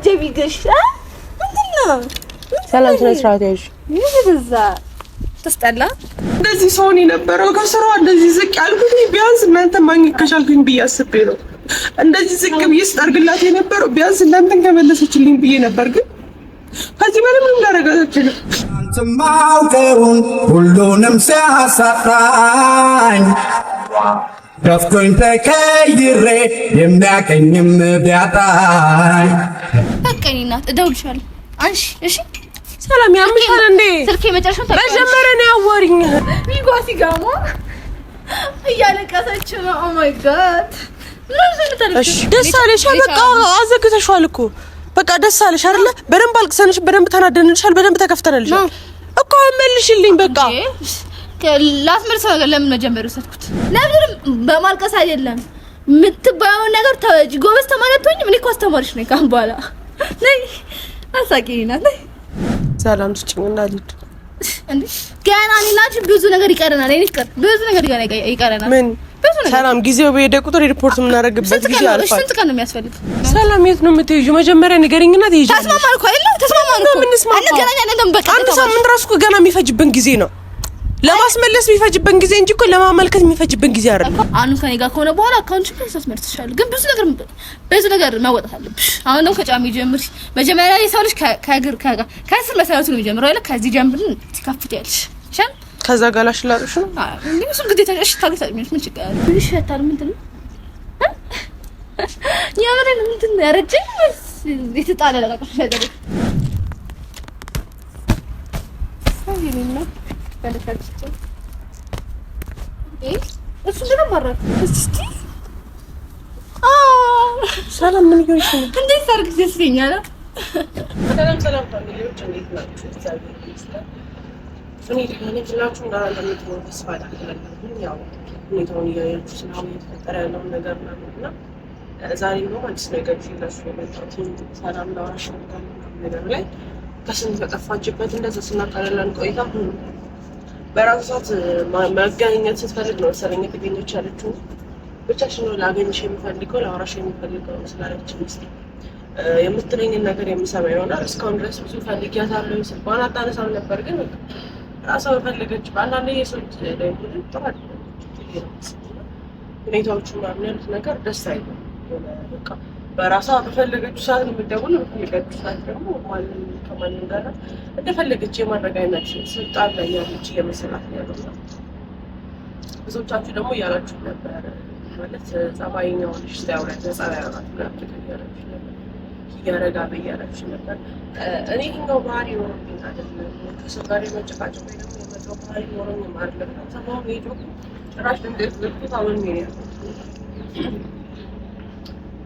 አጀ ቢገሽ ምንድነው? ሰላም ስነ ስርዓት ያዥ ይብዛ ተስጠላ እንደዚህ ሰውን የነበረው ከስራ እንደዚህ ዝቅ ያልኩኝ ቢያንስ እናንተ ማግኘት ከቻልኩኝ ብዬ አስቤ ነው። እንደዚህ ዝቅ ብዬ ስጠርግላት የነበረው ቢያንስ እናንተን ከመለሰችልኝ ብዬ ነበር፣ ግን ከዚህ በላይ ምንም ላደረጋችልም። አንተማውቀውን ሁሉንም ሲያሳጣኝ ከፍቶኝ ተከይሬ የሚያቀኝም ቢያጣኝ በቀኝ እናት እደውልሻለሁ። አንሺ እሺ ሰላም ያምሻል እንዴ? ስልኬ መጨረሻ ተቀበል። መጀመሪያ ነው ያወሪኝ። ሚጓ ሲጋማ እያለቀሰች ነው። ኦ ማይ ጋድ እሺ፣ ደስ አለሽ። በቃ አዘግተሽዋል እኮ በቃ ደስ አለሽ አይደለ? በደንብ አልቅሰንሽ፣ በደንብ ተናደንልሻል፣ በደንብ ተከፍተንልሻል እኮ መልሽልኝ በቃ ላስመልሰው ነገር ለምን መጀመሪያ ወሰድኩት? ለምን በማልቀስ አይደለም የምትባየውን ነገር ተወጂ። ጎበዝ ተማሪ አትሆኝም። እኔ እኮ አስተማሪሽ ነኝ። ካሁን በኋላ ነይ አሳቂኝ ነይ ሰላም ስጭኝ እንዳልሄድ እንዴ። ገና እኔ እና ብዙ ነገር ይቀረናል። እኔ ይቀር ብዙ ነገር ገና ይቀረናል። ምን ሰላም፣ ጊዜው በሄደ ቁጥር ሪፖርት የምናደርግበት ጊዜ አልፋል። ስንት ቀን ነው የሚያስፈልግ? ሰላም፣ የት ነው የምትሄጂው? መጀመሪያ ንገሪኝና ትሄጂ። ተስማማን እኮ አይደል? ተስማማን እኮ እንገናኛለን። በቃ አንድ ሳምንት ራሱ እኮ ገና የሚፈጅብን ጊዜ ነው ለማስመለስ የሚፈጅበን ጊዜ እንጂ እኮ ለማመልከት የሚፈጅበን ጊዜ አይደለም። አኑ ከኔ ጋር ከሆነ በኋላ አካውንት ታስመልስሻለሁ፣ ግን ብዙ ነገር ብዙ ነገር ማወጣት አለብሽ። አሁን ደግሞ ከጫሚ ጀምር። መጀመሪያ የሰው ልጅ ከእግር ከስር መሰረቱ ነው የሚጀምረው አይደል? ከዚህ ጀምር ትከፍት ያለሽ ሻል ከዛ ጋር ላርሽ ነው እንዴ? ብዙ ግዴታ እሺ፣ ታገሳጭ ምን ይችላል? ምን ይሸታል? ምንድን ነው ያመረን? ምንድን ነው ያረጀኝ? የተጣለ ለቃቀሽ ያደረግ ሰው ይሉና ሰላም ምን ይሆን ይችላል? እንዴት ሰርግ ደስ ይለኛል። ሰላም ሰላም ፋሚሊዎች እንዴት ናችሁ? እግዚአብሔር ይመስገን እኔ ተስፋ አደርጋለሁ። ያው ሁኔታውን እያያችሁ ስለሆነ የተፈጠረ ያለውን ነገር ምናምን ዛሬ ነው አዲስ ነገር ይዤላችሁ የመጣሁት። ሰላም ላወራሽ ነገር ላይ ከስንት ተጠፋችበት እንደዛ ስናቃለለን ቆይታ በራሱ ሰዓት መገናኘት ስትፈልግ ነው መሰለኝ የተገኘች ያለችው። ብቻሽን ነው ላገኝሽ የምፈልገው ላውራሽ የምፈልገው ስላለች ይመስለኝ የምትለኝን ነገር የምሰማ ይሆናል። እስካሁን ድረስ ብዙ ፈልጊያታለሁ ስባን አታነሳም ነበር፣ ግን ራሷ በፈለገች በአንዳንድ የሰዎች ላይ ቡድን ጥሩ ሁኔታዎቹ ምናምን ያሉት ነገር ደስ አይልም። በቃ በራሷ በፈለገችው ሰዓት ነው የምትደውል። በፈለገችው ሰዓት ደግሞ ማንም ከማንም ጋር እንደፈለገች የማድረግ አይነት ስልጣን ላይ ያለች የመሰላት ያለሳ። ብዙዎቻችሁ ደግሞ እያላችሁ ነበር ማለት ጸባይኛ ሆነሽ ሳያውራ ጸባይ አራት ምናምን እያላችሁ ነበር እያረጋ በእያላችሁ ነበር። እኔ ይህኛው ባህሪ ይኖርብኝ አይደለም ከሰው ጋር የመጨቃጨቅ ወይ ደግሞ የመጣው ባህሪ ይኖረኝ አይደለም። ሰማሁን ሄዶ ጭራሽ ድንገት ዝርቱ ታመሜ ነው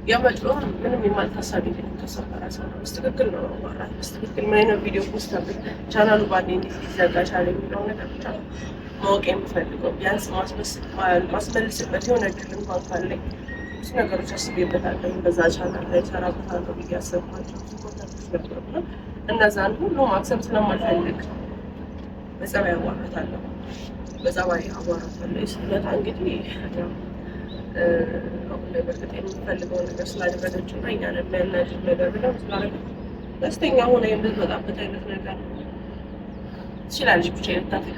የመጥሎ ምንም የማልታሳቢ ተሰራ ሰው ነው። ትክክል ነው ማራት ትክክል ማይነ ቪዲዮ ፖስት አድርግ ቻናሉ ባንዴ እንዴት ሊዘጋ ቻለ የሚለው ነገር ብቻ ማወቅ የምፈልገው ቢያንስ ማስመልስበት የሆነ ድል እንኳን ካለኝ ብዙ ነገሮች አስቤበታለሁ። በዛ ቻናል ላይ ሰራበታለሁ ብዬ አሰብኳቸው ኮንታክቶች ነበሩና እነዛን ሁሉ ማክሰብ ስለማልፈልግ በጸባይ አዋራታለሁ። በጸባይ አዋራታለሁ። ስለታ እንግዲህ ለመጠጥ የምትፈልገው ነገር ስላደረገች እና እኛ የሚያናድድ ነገር ብለው ስላደረገ ደስተኛ ሆነ የምትመጣበት አይነት ነገር ትችላለች። ብቻ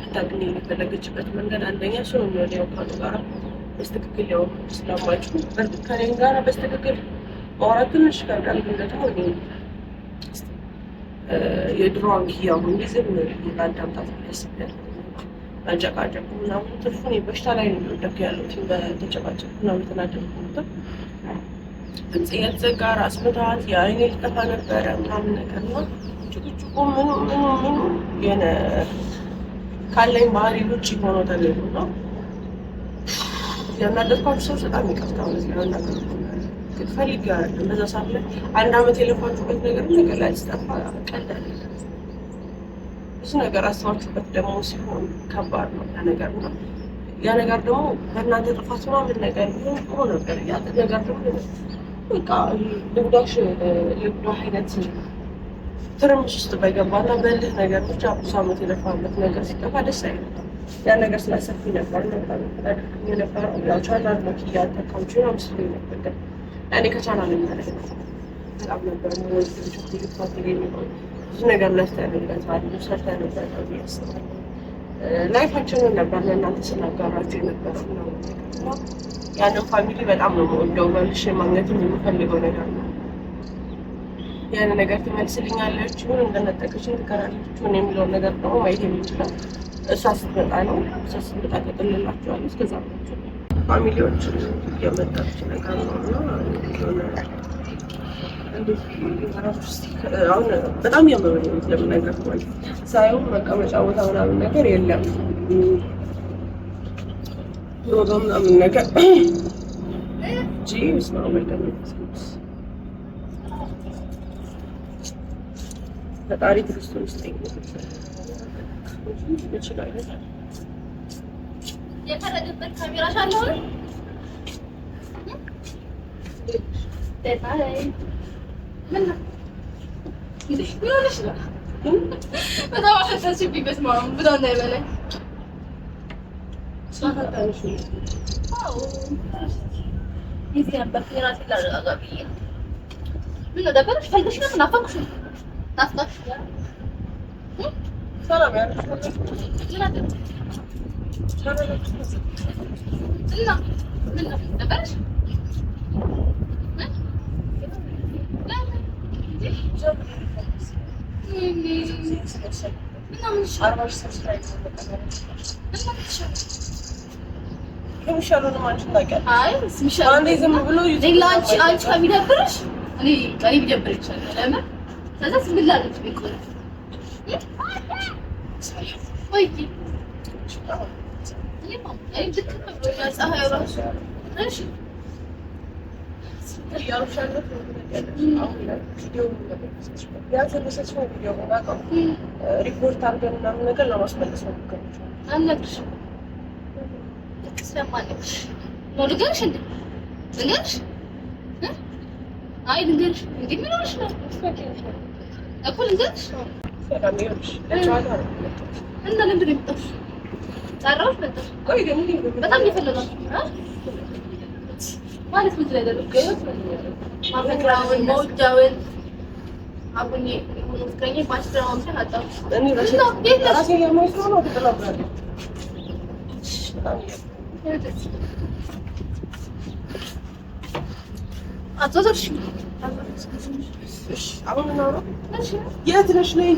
ልታገኝ የፈለገችበት መንገድ አንደኛ ሰው የሚወደው ካሉ ጋራ በስትክክል ያው ስለማይችሉ በእርግጥ ከእኔም ጋራ በስትክክል ማውራት ትንሽ ይከብዳል። ግን ደግሞ እኔ የድሮዋን ጊዜ ጊዜ ላዳምጣት ያስብያል አጨቃጨቁ ምናምን ትርፉ እኔ በሽታ ላይ ነው የወደኩ ያሉት በተጨቃጨቁ ምናምን የተናደድኩትም ድምፅ እያልዘጋ ራስ ምታት የአይኔ ልጠፋ ነበረ ምናምን ነገር ነው ጭቁጭቁ ምኑ ምኑ ምኑ የነ ካለኝ ባህሪ ውጭ ሆኖ ተገኙ ነው። ያናደድኳችሁ ሰዎች በጣም ይቅርታ ማለት ነው። ያናገርኩት ግን ፈልጌ አይደለም። በዛ ሰዓት ላይ አንድ አመት የለፋችሁበት ነገር ነገር ላይ ስጠፋ ቀላል ብዙ ነገር አስባችሁበት ደግሞ ሲሆን ከባድ ነው ያ ነገር ነው። ያ ነገር ደግሞ በእናንተ ጥፋት ምናምን ነገር ቢሆን ጥሩ ነበር። ያ ነገር ደግሞ በቃ ልጉዳሽ ልጉዳ አይነት ትርምስ ውስጥ በገባ በገባና በልህ ነገር ብቻ ብዙ ዓመት የለፋበት ነገር ሲጠፋ ደስ አይልም። ያ ነገር ስላሰፊ ነበር ነበር ያው ቻናል ነው እያጠቃምች ምስሉ ነበር እኔ ከቻናል የሚያደግ በጣም ነበር ወ ወዝ ልጆ ፋት የሚሆን ብዙ ነገር ለፍተንበታል፣ ብዙ ሰርተንበታል ያስባል። ላይፋችንን ነበር ለእናንተ ስናጋራችሁ የነበር ነው። ያንን ፋሚሊ በጣም ነው የምወደው። መልሼ ማግኘትም የምፈልገው ነገር ነው። ያን ነገር ትመልስልኛለች፣ ምን እንደነጠቀችን ትቀራለች፣ የሚለውን ነገር ደግሞ ማየት የምንችላል እሷ ስትመጣ ነው። እሷ ስትመጣ ቀጥልላችኋለሁ። እስከዛ ናቸው ፋሚሊዎች የመጣች ነገር ነው እና አሁን በጣም ያምረው ለምናገር ሳይሆን መቀመጫ ቦታ ምናምን ነገር የለም ሮዛ ምናምን ነገር እንጂ ስማ ፈጣሪ ክርስቶስ የፈረደበት ካሜራ ሻለሆነ በጣም አፈጠንሽብኝ። በስመ አብ ብሎ እንዳይበላኝ ምነው ደበረሽ? ፈልገሽ ነው? ናፈቅሽ? ናፍቀሽ እና ምነው ደበረሽ? አንቺ ከሚደብርሽ እኔ እኔ ቢደብር ይቻላል። ለምን ከዛ ስምላ ነች ቢቆይ ወይ ይሄ ማለት ሪፖርት አድርገን ምናምን ነገር ለማስመለስ ነው የሚገርምሽ። ማለት ምን ስለደረገ ማፈቅራውን መውጫውን አቁኝ ማስተራውን ሰላጣው የት ነሽ? ነይ እንጂ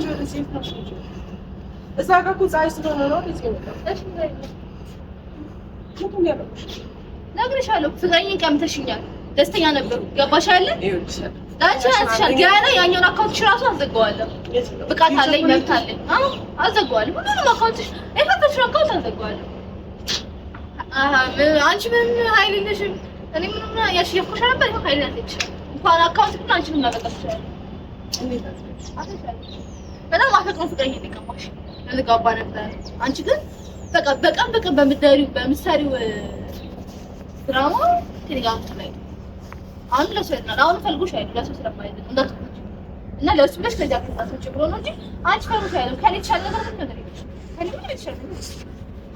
ወደዚህ የት ነሽ? እዛ ጋር እኮ ፀሐይ ስለሆነ ነው ወደዚህ ነው እነግርሻለሁ። ፍቅረኝን ቀምተሽኛል። ደስተኛ ነበሩ። ገባሽ አይደለ? ዳንቺ አንስሻል። ገና ያኛውን አካውንትሽ ራሱ አዘጋዋለሁ። ብቃት አለኝ፣ መብት አለኝ። አሁን አዘጋዋለሁ። ሁሉንም አካውንትሽ የፈለግሽውን አካውንት አዘጋዋለሁ። አንቺ ምንም ኃይል የለሽም። እኔ ምንም ያሸነፍኩሽ ነበር። ይኸው ኃይል ያለች እንኳን አካውንት ግን አንቺ ምን አደረጋችኋል? በጣም አፈቅሮ ፍቅረኛ ሊቀማሽ ልጋባ ነበር። አንቺ ግን በቃ በቀን በቀን በምትደሪው በምትሰሪው ድራማ ቴሌግራም ውስጥ ላይ አሁን ለሱ ያድናል። አሁን ፈልጎሽ አይደል? ለሱ ስለማይዘን እንዳትኩት እና ለሱ ብለሽ ከዛ ከዛች ብሎ ነው እንጂ አንቺ ፈልጎሽ አይደል? ከኔ የተሻለ ነገር ምን ነገር ይልሽ ከኔ ምን የተሻለ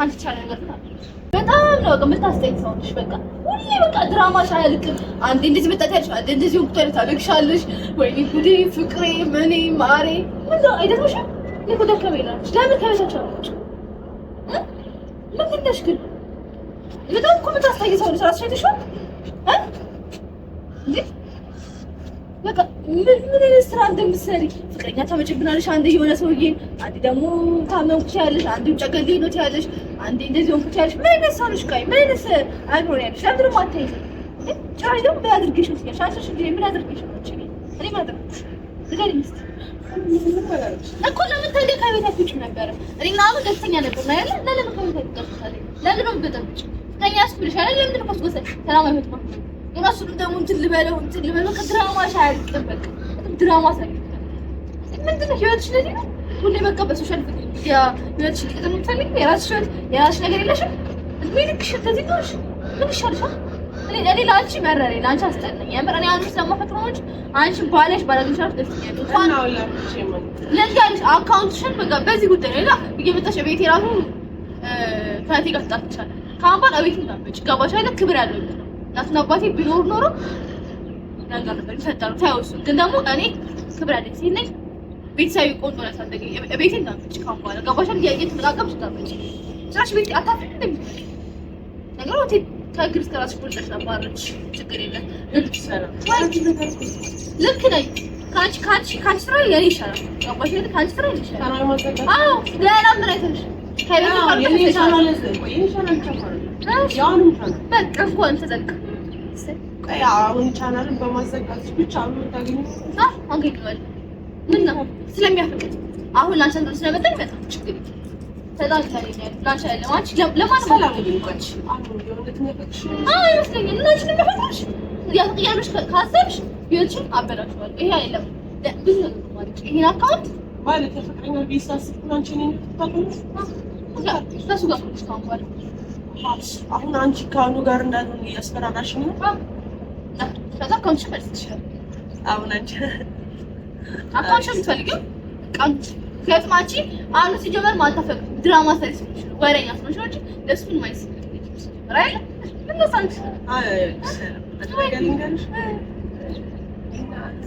አንቺ የተሻለ ነገር ታደርጊ። በጣም ነው በቃ ሰው ነሽ። በቃ ሁሌ በቃ ድራማሽ አያልቅም። አንዴ እንደዚህ መጣት አንዴ እንደዚህ ወቅቷል ታደርግሻለሽ። ወይኔ ጉዴ ፍቅሬ፣ ምኔ ማሬ፣ ምን ነው አይደለሽ? ለምን ከቤታቸው አላችሁ? ምን ነሽ ግን በጣም እኮ የምታስጠይ ሰው ልጅ እራስሽ ምን ምን አይነት ስራ እንደምትሰሪ ፍቅረኛ ታመጭብናለሽ። አንዴ የሆነ ሰውዬን፣ አንዴ ደግሞ ታመምኩ ትያለሽ፣ አንዴ ጨገሌ ነው ትያለሽ፣ አንዴ እንደዚህ ሆንኩ ትያለሽ። ምን አይነት ሰው ነሽ? ቆይ ምን አይነት አእምሮ ያለሽ? ለምንድን ነው የማታይዘው? ጭራሽ ደግሞ ምን አድርጌሽ ነው ትያለሽ? አንቺ ምን አድርጌሽ ነው? እኔ እኔ ምን አድርጌሽ ንገሪኝ እኮ ለምን ታዲያ ከቤት አትወጪም ነበረ? እኔ ምናምን ደስተኛ ነበር። ለምን ከቤት አትወጪም? ለምን በጠብጭ ብልሻለሁ። ለምንድን ነው ኮስኮሰ ሰላም አይመጣም? እራሱንም ደግሞ እንትን ልበለው እንትን ልበለው ከድራማሽ አያልቅም። በቃ ድራማ ሳይ ምንድን ነው ህይወትሽ እንደዚህ ነው ሁሌ በቃ በሶሻል ሚዲያ ህይወትሽ እንዲቀጥል የምትፈልጊ የራስሽ ህይወት የራስሽ ነገር የለሽም። እድሜ ልክሽ እንደዚህ ነሽ። ምን ይሻልሻል? እኔ ለአንቺ መረሬ ለአንቺ አስጠላኝ። የምር እኔ አንቺ ስለማፈቅር ነው እንጂ አንቺ ባለሽ ባላገኝሻለሁ ደስተኛ ለዚህ አለሽ አካውንትሽን በቃ በዚህ ጉዳይ ላይ እየመጣሽ ቤቴ ራሱ ከእቴ ጋር ትጣልሻለሽ ከአሁን አቤት እቤት ገባሽ አይደል? ክብር ያለው እናትና አባቴ ቢኖር ኖሮ ግን ደግሞ እኔ ክብር ያለኝ ሴት ነኝ። ቤተሰብ ቆንጆ ነው ያሳደገኝ። ስራሽ ቤት ችግር ልክ ነኝ። ከአንቺ ከአንቺ ስራ ይሻላል። ገባሽ አይደል? ከአንቺ ስራ ይሻላል። አዎ ሌላ ምን አይተሽ አሁን ላንቺ አንተ ስለመጣ ባል ከፍቅረኛ ቤት ሳስብ አንቺ ነኝ አሁን አንቺ ከአኑ ጋር እንዳልሆነ እያስፈራራሽ ነው። ከዛ ከአንቺ ሲጀመር ማታፈቅ ድራማ ሰሪ ስለሆንሽ ነው፣ ወሬኛ ስለሆንሽ ነው እንጂ ለእሱ ምንም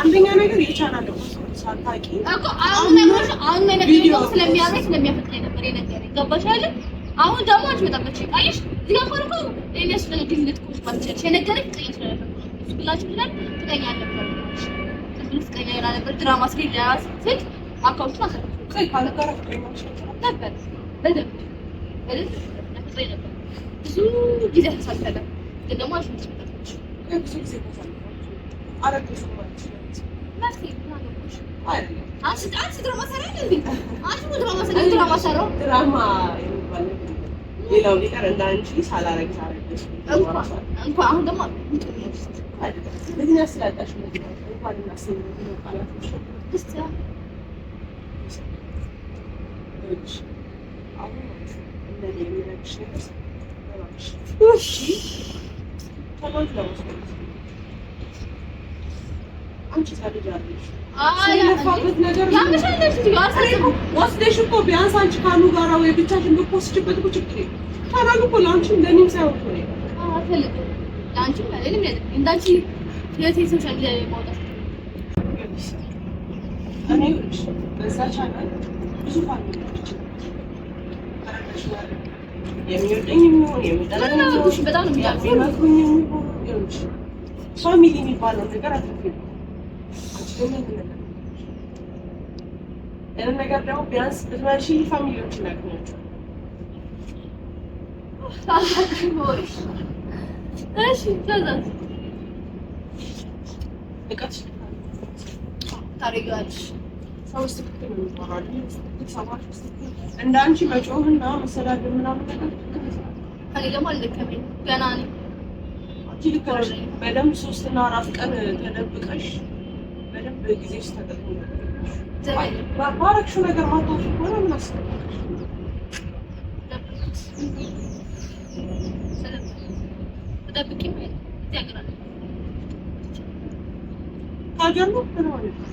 አንደኛ ነገር የቻናል አሁን ደግሞ አትመጣበች ቃየሽ እዚጋ ኮርኮ የሚያስፈልግሽ ልትቆርጭ ባትችልሽ የነገረኝ ቅኝ ስለነበርኩ ብላችሁ ብለን ፍቀኛ ነበር ክፍል ፍቀኛ ነበር ድራማ ስሪ ለራስ ስል አካውንቱ ነበር ብዙ ጊዜ ተሳልፈናል። ግን ሌላው ሊቀር እንደ አንቺ ሳላረግሽ አረግሽ ተጓዥ ለመስሎት አንቺ ታድያለሽ። ስለለፋበት ነገር ወስደሽ እኮ ቢያንስ አንቺ ካሉ ጋራ ወይ ብቻሽን ብትወስጂበት እኮ ችግር የለም። ታላቅ እኮ ለአንቺም ለእኔም ሳይሆን እኮ ነው ፋሚሊ የሚባለው ነገር ይህንን ነገር ደግሞ ቢያንስ ብትመርሺ ፋሚሊዎች እናገኛቸው። ተወስድብን ይሆናል ሰማች ውስጥ እንደ አንቺ መጮህና መሰዳደብ ምናምን ነገር ከኔ ደግሞ አልደከመኝ ገና ነኝ። አንቺ ልክ ነሽ። በደንብ ሶስትና አራት ቀን ተደብቀሽ በደንብ ጊዜሽ ተጠቅሞ ባረግሽው ነገር ማታውሽ ከሆነ ምን አስገባሽ? ተደብቄ ሀገር ነው ምን ማለት ነው?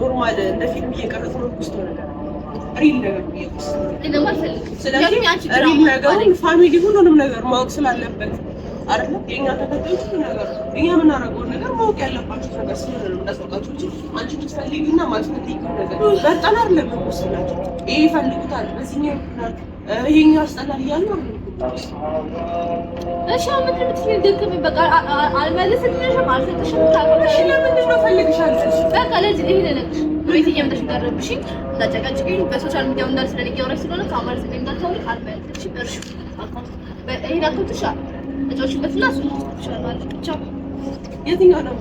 ኖርማል እንደ ፊልም እየቀረጽ ነው ውስጥ ነገር ሪል ነገር ስለዚህ ሪል ነገሩን ፋሚሊ ሁሉንም ነገር ማወቅ ስላለበት አይደለም የእኛ ተከታዮች ነገር እኛ የምናደርገውን ነገር ማወቅ ያለባቸው ነገር ስለሆነ ነው እንዳስወቃቸው እንጂ አንቺ ትፈልጊና ማትፈልጊ ነገር በጣም አይደለም ናቸው። ይሄ ይፈልጉታል፣ በዚህኛ ይሉናል፣ ይሄኛ ያስጠላል እያሉ እሺ ምንድን የምትይኝ ደከመኝ፣ በቃ አልመልስልሽም፣ አልሰጥሽም። እሺ ለምንድን ነው እፈልግሻለሁ፣ በቃ ለዚህ ይሄ ለነቅሽ ቤት እየመጣሽ እንዳትረብሽኝ፣ እንዳጨቃጭቂኝ በሶሻል ሚዲያው እንዳልስለኝ እያወራሽ ስለሆነ ከአማርኛ እንዳታወሪ አልመልስልሽም። እርሺ ይሄን አትወጥሻ እጮችበትና እሱ ይችላል ብቻ የትኛው ነው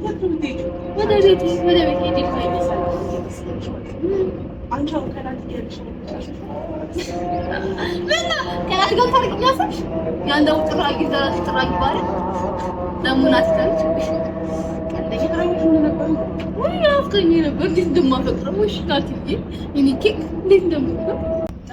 ወደ ቤት ወደ ቤት ሄድ ይመስላል። አንቺ አሁን ከላት እያለሽ ነው ነበር እንዴት እንደማፈቅረው ሽናትዬ እኔ ኬክ እንዴት እንደምትነው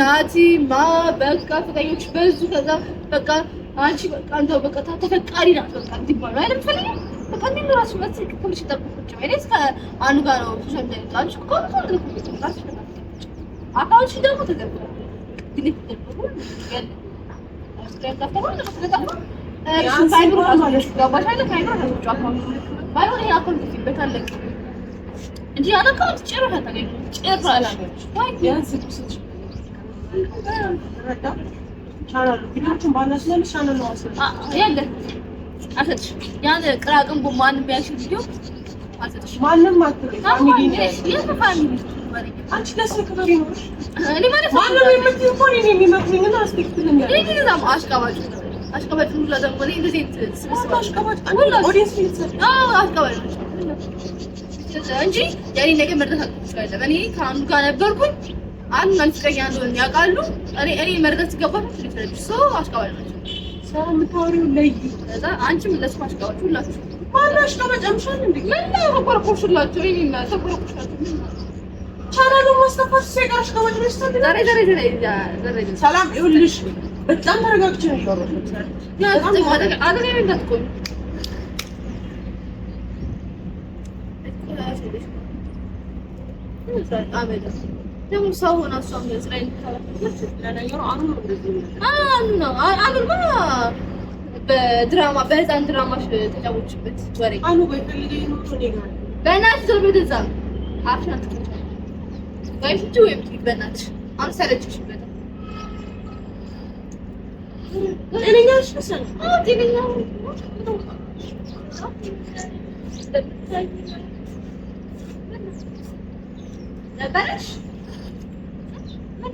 ናቲ ማ በቃ ፍቅረኞች በዙ። ከዛ በቃ አንቺ በቃ እንደው በቃ ተፈቃሪ ናት በቃ እንዲባሉ አይደል Di anak cerah tak lagi. Cerah lah. Baik ya. ያለ አሰጥሽ ያለ ቅራቅም ማንም ቢያሽል ቪዲዮ አሰጥሽ ማንም አትልኝ ፋሚሊ የት ፋሚሊ አንቺ ለስልክ በሪ ነው እኔ ማለት ማንም የምትይው እኮ እኔ የሚመክሩኝ እና አስፔክትልኝ ያለ ይሄ ግን ዛም አሽቃባጭ አሽቃባጭ ሁላ ደግሞ እኔ እንደዚህ ስብስብ አሽቃባጭ ሁላ ኦዲየንስ ይሰጥ አዎ አሽቃባጭ እንጂ የኔ ነገር መርዳት አልኩ። እኔ ከአንዱ ጋር ነበርኩኝ። አንድ ፍቅረኛ እንደሆነ ያውቃሉ። እኔ እኔ መርዳት ሲገባል አሽቃባጭ ናቸው። ሰላም ይኸውልሽ፣ በጣም ተረጋግቼ ነው ያወራሁት። ደግሞ ሰው ሆና በድራማ በህፃን ድራማሽ ተጫወችበት ወሬ በእናትሽ ዞር እዛ አፍሽን አትከፍቻለሁ ወይ ፍቺ ወይም በእናትሽ ጤነኛ ነበረሽ? ምን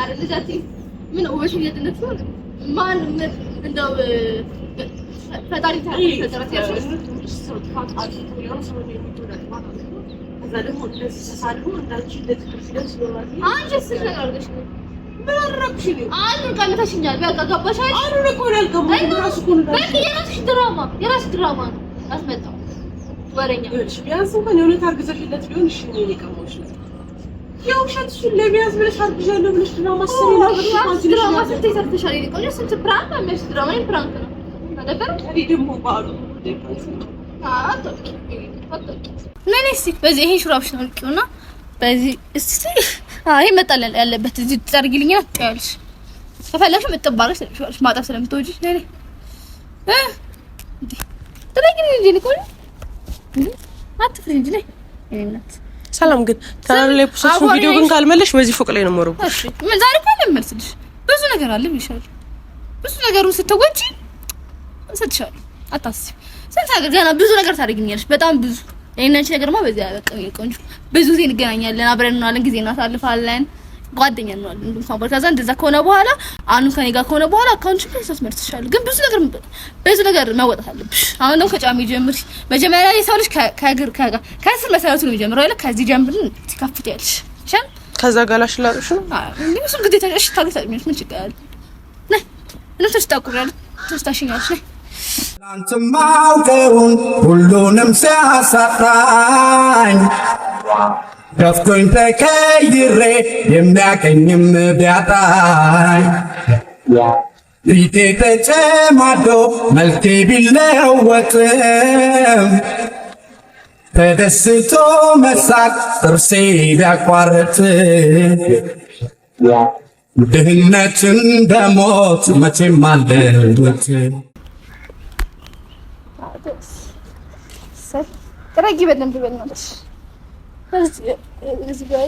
አረ ልጃችን ምን ውበሽ እየደነሱ ማን እንደው ፈጣሪ ታሪክ ተጠራት ያልሽ ድራማ የውሸት እሱን ለመያዝ ብለሽ አርግዣለሁ ብለሽ ድራማ ስሪ ነው ድራማ ስትይ ሰርተሻል። ይልቆኝ ስንት ፕራንክ የሚያስ ድራማ ላይ ፕራንክ ነው አደፈር ደግሞ ባሉ ምን እስቲ በዚህ ይሄ ሹራብሽ ነው ልቂውና በዚህ እስቲ አይ መጣለል ያለበት እዚህ ትጠርጊልኛ ትያለሽ ከፈለሽ ምጥባሪ ስለሽ ማጣፍ ስለምትወጂ ለኔ እ ትለኝ እንጂ ልቆኝ አትፍሪ እንጂ ነይ እኔ ምናት ሰላም ግን ተራራ ላይ ፖስት ቪዲዮ ግን ካልመለሽ በዚህ ፎቅ ላይ ነው የምወረው። እሺ ምን ዛሬ እኮ አልመልስልሽ። ብዙ ነገር አለ ይሻል። ብዙ ነገሩን ስትወጪ እንሰጥሻለሁ። አታስቢ። ስንት ነገር ገና ብዙ ነገር ታደርጊኛለሽ። በጣም ብዙ እኔና አንቺ ነገርማ በዚህ አበቃ። ቆንጆ ብዙ ጊዜ እንገናኛለን፣ አብረን እንሆናለን፣ ጊዜ እናሳልፋለን። ጓደኛ ነው አለ እንዴ። ከዛ እንደዛ ከሆነ በኋላ አኑ ከኔ ጋር ከሆነ በኋላ አካውንት ላይ ታስመርጥ ትችላለህ፣ ግን ብዙ ነገር ብዙ ነገር ማወጣት አለብሽ። አሁን ደግሞ ከጫሚ ጀምሪ። መጀመሪያ የሰው ልጅ ከእግር ከስር መሰረቱ ነው የሚጀምረው አይደል? ከዚህ ጀምሪ ትከፍት ያለሽ ሸን ከዛ ጋላሽ ላጥሽ ነው ምንም ግዴታ እሺ፣ ታሉት አይደል? ችግር አለ? ነይ ነው ተስተቀራል ተስተሽኛለሽ ነይ አንተማ ሁሉንም ሲያሳጣኝ ከፍቶኝ ተከይሬ የሚያቀኝም ቢያጣኝ ፊቴ ተጨማዶ መልኬ ቢለወጥም ተደስቶ መሳቅ ጥርሴ ቢያቋርጥ ድህነትን ደሞት መቼም አለበት። ረጊ በደንብ በናች ህዝባዊ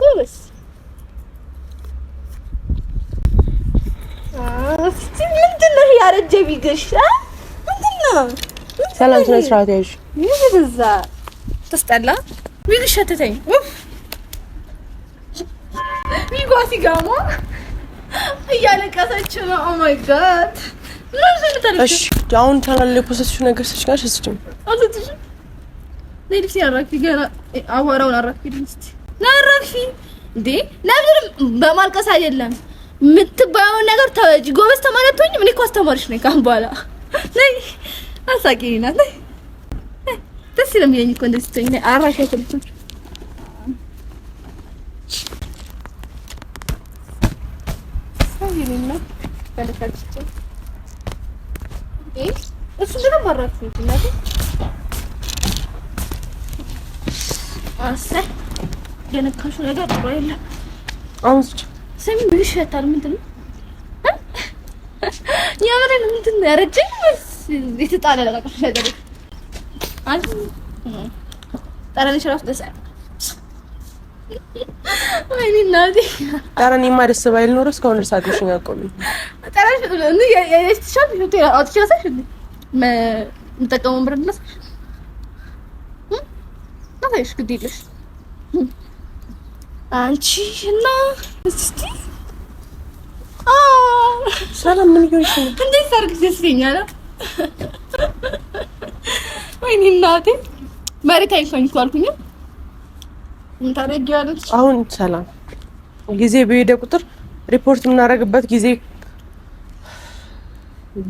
ጎበስ ምንድን ነው ያረጀ ቢገሽ ምንድን ነው? ሰላም ስነ ስርዓት ያዥ ተስጠላ ቢግሽ ሸተተኝ ሚጓ ሲጋማ እያለቀሰች ነው። ኦ ማይ ጋድ እሺ አሁን ነገር ጋር ለልብስ ያራክፊ ገና አዋራውን አራክፊ ልብስ ናራክፊ እንዴ ለምንም በማልቀስ አይደለም የምትባየውን ነገር ተወጂ። ጎበዝ ተማሪ አትሆኝም። እኔ እኮ አስተማሪሽ ነኝ። ካሁን በኋላ ነይ አሳቂኝ ናት። ነይ ደስ ይለኛል እኮ እንደዚህ ስትሆኝ። ነይ አራሽ አይተልኩኝ እሱ ደግሞ አራክፊ Arse. Gene kaşına gel burayla. Anlayacağım. Sen büyük şeytan mıydın? ഞാൻ പറയുന്നത് നിറച്ച് ഇത് തലയിലാണ് പക്ഷേ തരണി ഷറഫ് ጠረን የማደስ ባይል ኖሮ እስካሁን ድረስ አትሽኝ አቆሚ ጠረን ሻ ሻ ሻ ሻ ሻ ጠፋሽ፣ ግድ የለሽ አንቺ እና እስቲ ሰላም፣ ምን ይሆንሽ? እንዴት ሰርግ ደስ ወይኔ እናቴ መሬት አይሶኝ እኮ አልኩኝ። ታደርጊዋለሽ። አሁን ሰላም ጊዜ በሄደ ቁጥር ሪፖርት የምናደርግበት ጊዜ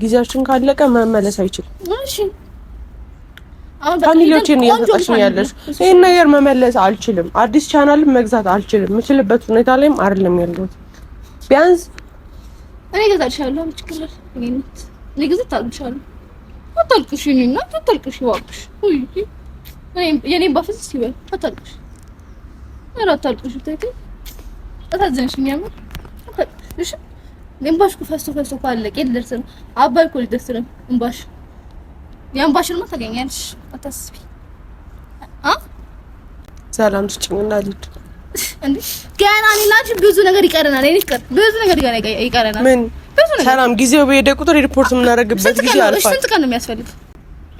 ጊዜያችን ካለቀ መመለስ አይችልም። እሺ ከሌሎችን እየተጠቅሚያለሽ። ይህን ነገር መመለስ አልችልም። አዲስ ቻናልን መግዛት አልችልም። የምችልበት ሁኔታ ላይም አይደለም ያለሁት። ቢያንስ እኔ እገዛልሻለሁ። እምባሽ እኮ ፈሶ ፈሶ እኮ አለቀ። የት ደርሰን? አባይ እኮ ሊደርስ ነው እምባሽ የአንባሽንማ ታገኛለሽ አታስቢ። ሰላም ስጭኝና ልሂድ። ገና እኔ ብዙ ነገር ይቀረናል። እኔ ይቀር ብዙ ነገር ይቀረናል። ምን ብዙ ነገር ሰላም፣ ጊዜው በሄደ ቁጥር ሪፖርት የምናደርግበት ጊዜ አልፋል። ስንት ቀን ነው የሚያስፈልግ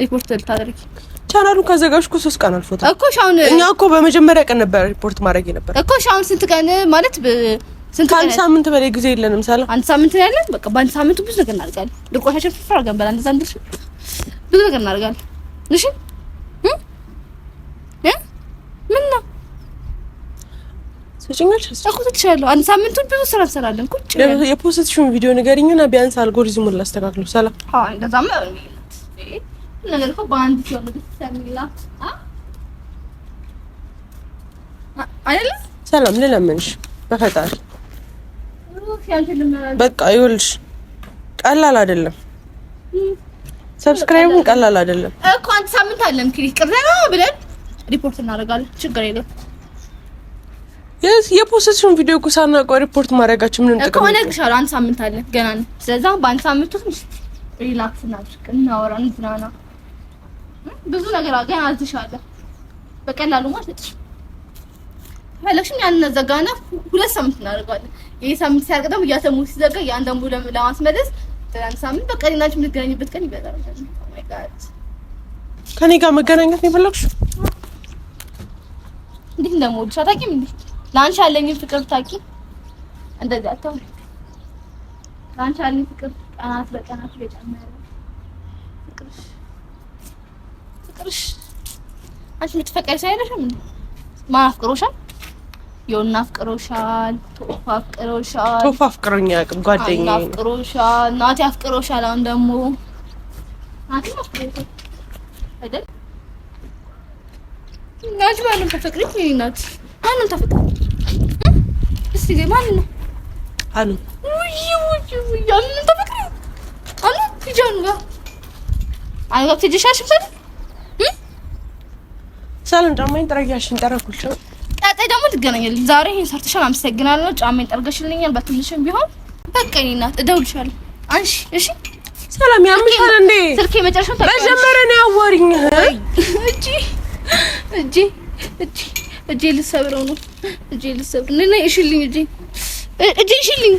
ሪፖርት ልታደርጊ? ቻናሉን ካዘጋጅኩ ሶስት ቀን አልፎታል እኮ ሻውን። እኛ እኮ በመጀመሪያ ቀን ነበር ሪፖርት ማድረግ የነበረ እኮ ሻውን። ስንት ቀን ማለት ስንት ቀን? አንድ ሳምንት በላይ ጊዜ የለንም ሰላም። አንድ ሳምንት ነው ያለን። በቃ በአንድ ሳምንት ብዙ ነገር እናደርጋለን። ድርቆሻችን ፍርፍር አገንበላ እንደዛ እንድልሽ ብዙ ነገር እናደርጋለን። እሺ ምን ነው አንድ ሳምንቱን ብዙ ስራ እንሰራለን። ቁጭ የፖስትሽውን ቪዲዮ ንገሪኝና ቢያንስ አልጎሪዝሙን ላስተካክለው። ሰላም አይ እንደዛማ ነገር ሰላም ልለምንሽ በፈጣሪ በቃ ይኸውልሽ፣ ቀላል አይደለም። ሰብስክራይቡን ቀላል አይደለም እኮ አንድ ሳምንት አለን። ክሊክ ቅርዘና ብለን ሪፖርት እናደርጋለን። ችግር የለም። የፖስሽን ቪዲዮ እኮ ሳናውቀው ሪፖርት ማድረጋችን ምንም ጥቅም እኮ እነግርሻለሁ። አንድ ሳምንት አለን ገና ነው። ስለዚህ በአንድ ሳምንት ውስጥ ሪላክስ እናድርግ፣ እናወራ፣ እንዝናና። ብዙ ነገር ገና አዝሻለሁ። በቀላሉ ማለት ፈለግሽም ያን ዘጋና ሁለት ሳምንት እናደርጋለን። ይሄ ሳምንት ሲያልቅ ደግሞ ያ ሲዘጋ ያን ለማስመለስ ቀን oh ከኔ ጋር መገናኘት ነው የፈለግሽው? እንዴት እንደምወድሽ አታውቂም። እንዴት ለአንቺ ያለኝን ፍቅር ታውቂ እንደዚህ አታው ለአንቺ ያለኝ ፍቅር ቀናት በቀናት እየጨመረ ፍቅርሽ ፍቅርሽ አንቺ የምትፈቅሪው አይደለሽም። ማን አፍቅሮሻል? ዮና አፍቅሮሻል፣ ቶፋ አፍቅሮሻል፣ አፍቅሮኛ ጓደኛ አፍቅሮሻል፣ ናቲ አፍቅሮሻል። አሁን ደግሞ ናቲ ማንም ተፈቅሪ ማን ነው አሉ ውይ ውይ ውይ አሉ ተፈቅሪ አሉ ሂጃኑ ጋር ብሰል ቀጣይ ደግሞ ትገናኛለች። ዛሬ ይሄን ሰርተሻል፣ አመሰግናለሁ። ጫማዬን ጠርገሽልኛል፣ በትንሽም ቢሆን በቃ እኔ እናት እደውልሻለሁ። አንሺ እሺ ሰላም ያምሻል እንዴ? ስልኬ መጨረሻው መጀመሪያ ነው ያወሪኝ። እጂ እጂ እጂ እጂ ልሰብረው ነው። እጂ ልሰብር ነኝ። እሽልኝ እጂ እጂ እሽልኝ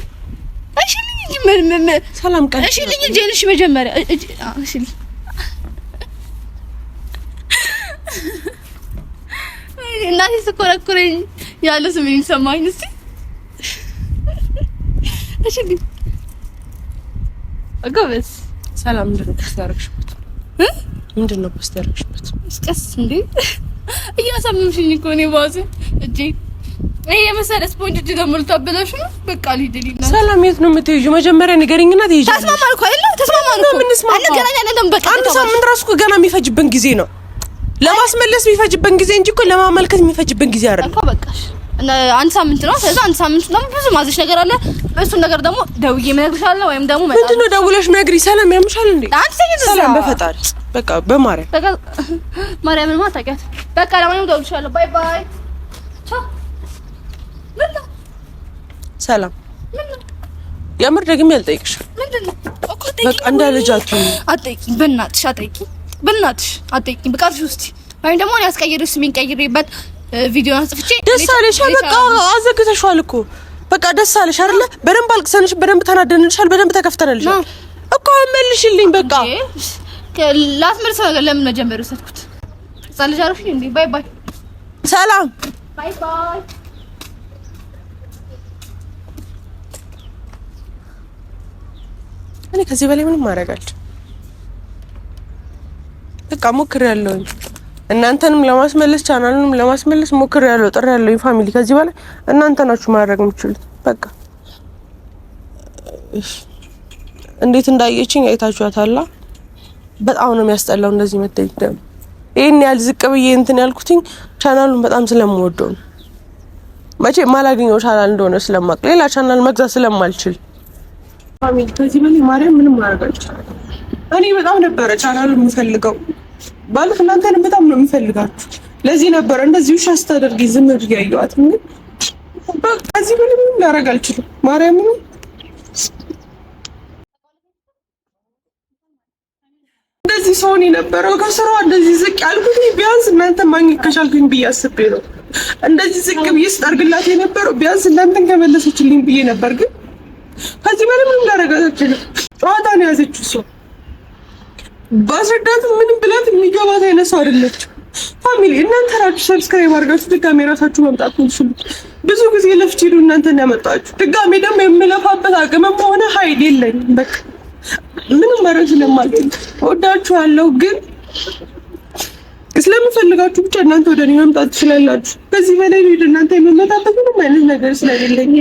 እሽልኝ ምን ሰላም ቀን እሽልኝ እጂ እሺ መጀመሪያ እሺ እናቴ ስኮረኩረኝ ያለ ስሜን ይሰማኝ። እስቲ እሺ፣ ጎበዝ። ሰላም ምንድነው ፖስት ያደረግሽበት? ምንድነው ፖስት ያደረግሽበት? እስቀስ እንዴ እያሳመምሽኝ እኮ ነው ባዚ እጄ ይሄ የመሰለ ስፖንጅ እጅ ተሞልቷ ብለሽ ነው። በቃ ልሂድልኝ። ሰላም የት ነው የምትሄጂው? መጀመሪያ ንገሪኝና ትሄጂ። ተስማማን እኮ የለም ተስማማን እኮ በቃ አንድ ሳምንት ራሱ እኮ ገና የሚፈጅብን ጊዜ ነው ለማስመለስ የሚፈጅብን ጊዜ እንጂ እኮ ለማመልከት የሚፈጅብን ጊዜ አይደለም እኮ። በቃሽ አንድ ሳምንት ነው። ስለዚህ አንድ ሳምንት ነው። ብዙ ማዘሽ ነገር አለ። እሱን ነገር ደግሞ ደውዬ እነግርሻለሁ ወይም ደግሞ መጣ ነው ደውለሽ ነግሪ። ሰላም ያምሻል እንዴ? አንተ ሰላም በፈጣሪ በቃ በማርያም በቃ ማርያምን ማታቂያት። በቃ ለማንም ደውልሻለሁ። ባይ ባይ። ቻ ምን ሰላም ምን ነው የምር ደግሜ አልጠይቅሽም። ምንድን ነው እኮ ጠይቂ። በቃ እንደ ልጃችሁ አትጠይቂ፣ በእናትሽ አትጠይቂ። በእናትሽ አትጠይቂኝ። ብቃትሽ ውስጥ ወይም ደግሞ እኔ አስቀይሬሽ ስሜን ቀይሬበት ቪዲዮ አጽፍቼ ደስ አለሽ። በቃ አዘግተሽዋል እኮ በቃ ደስ አለሽ አይደለ? በደንብ አልቅሰንሽ፣ በደንብ ተናደንልሻል፣ በደንብ ተከፍተንልሻል እኮ መልሽልኝ። በቃ ላስመልስ ነገር ለምን መጀመሪያ ወሰድኩት? ጻልጅ አረፍሽ እንዴ? ባይ ባይ። ሰላም ባይ ባይ። እኔ ከዚህ በላይ ምንም ማድረግ አልችልም። ያለውኝ እናንተንም ለማስመለስ ቻናሉንም ለማስመለስ ያለው ጥሪ ያለው ፋሚሊ ከዚህ በላይ እናንተ ናችሁ ማድረግ የምችሉት። በቃ እንዴት እንዳየችኝ አይታችኋታላ። በጣም ነው የሚያስጠላው እንደዚህ መታየት። ደግሞ ይህን ያህል ዝቅ ብዬ እንትን ያልኩትኝ ቻናሉን በጣም ስለምወደው ነው። መቼ ማላገኘው ቻናል እንደሆነ ስለማቅ ሌላ ቻናል መግዛት ስለማልችል ከዚህ በላይ ማርያም ምንም ማድረግ አልችልም። እኔ በጣም ነበረ ቻናሉን የምፈልገው ባልክ እናንተንም በጣም ነው የምፈልጋችሁ። ለዚህ ነበር እንደዚህ ውሻ ስታደርጊ ዝም ብዬ ያየኋት። ምን በዚህ ምንም ላደርግ አልችልም። ነው እንደዚህ ሰውን የነበረው ከስራ እንደዚህ ዝቅ ያልኩት ቢያንስ እናንተ ማግኘት ከቻልኩኝ ብዬ አስቤ ነው። እንደዚህ ዝቅ ብዬ ስጠርግላት የነበረው ቢያንስ እናንተን ከመለሰችልኝ ብዬ ነበር። ግን ከዚህ በላይ ምንም ላደርግ አልችልም። ጨዋታ ነው የያዘችው ሰው ባስረዳት ምንም ብላት የሚገባት አይነት ሰው ፋሚሊ እናንተ ራችሁ ሰብስክራይብ አድርጋችሁ ድጋሜ ራሳችሁ መምጣት ምትችሉት ብዙ ጊዜ ለፍቺዱ እናንተ ያመጣችሁ ድጋሜ ደግሞ የምለፋበት አቅምም ሆነ ሀይል የለኝ በቃ ምንም መረት ስለማገኝ ወዳችኋለሁ፣ ግን ስለምፈልጋችሁ ብቻ እናንተ ወደ እኔ መምጣት ትችላላችሁ። ከዚህ በላይ ወደ እናንተ የምመጣበት ምንም አይነት ነገር ስለሌለኝ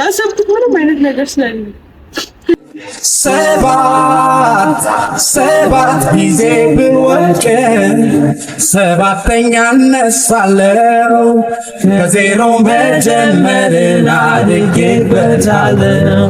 ያሰብኩት ምንም አይነት ነገር ስለሌለኝ ሰባት ሰባት ጊዜ ብወድቅ ሰባተኛ እነሳለሁ። ከዜሮ መጀመርን አድጌበታለሁ።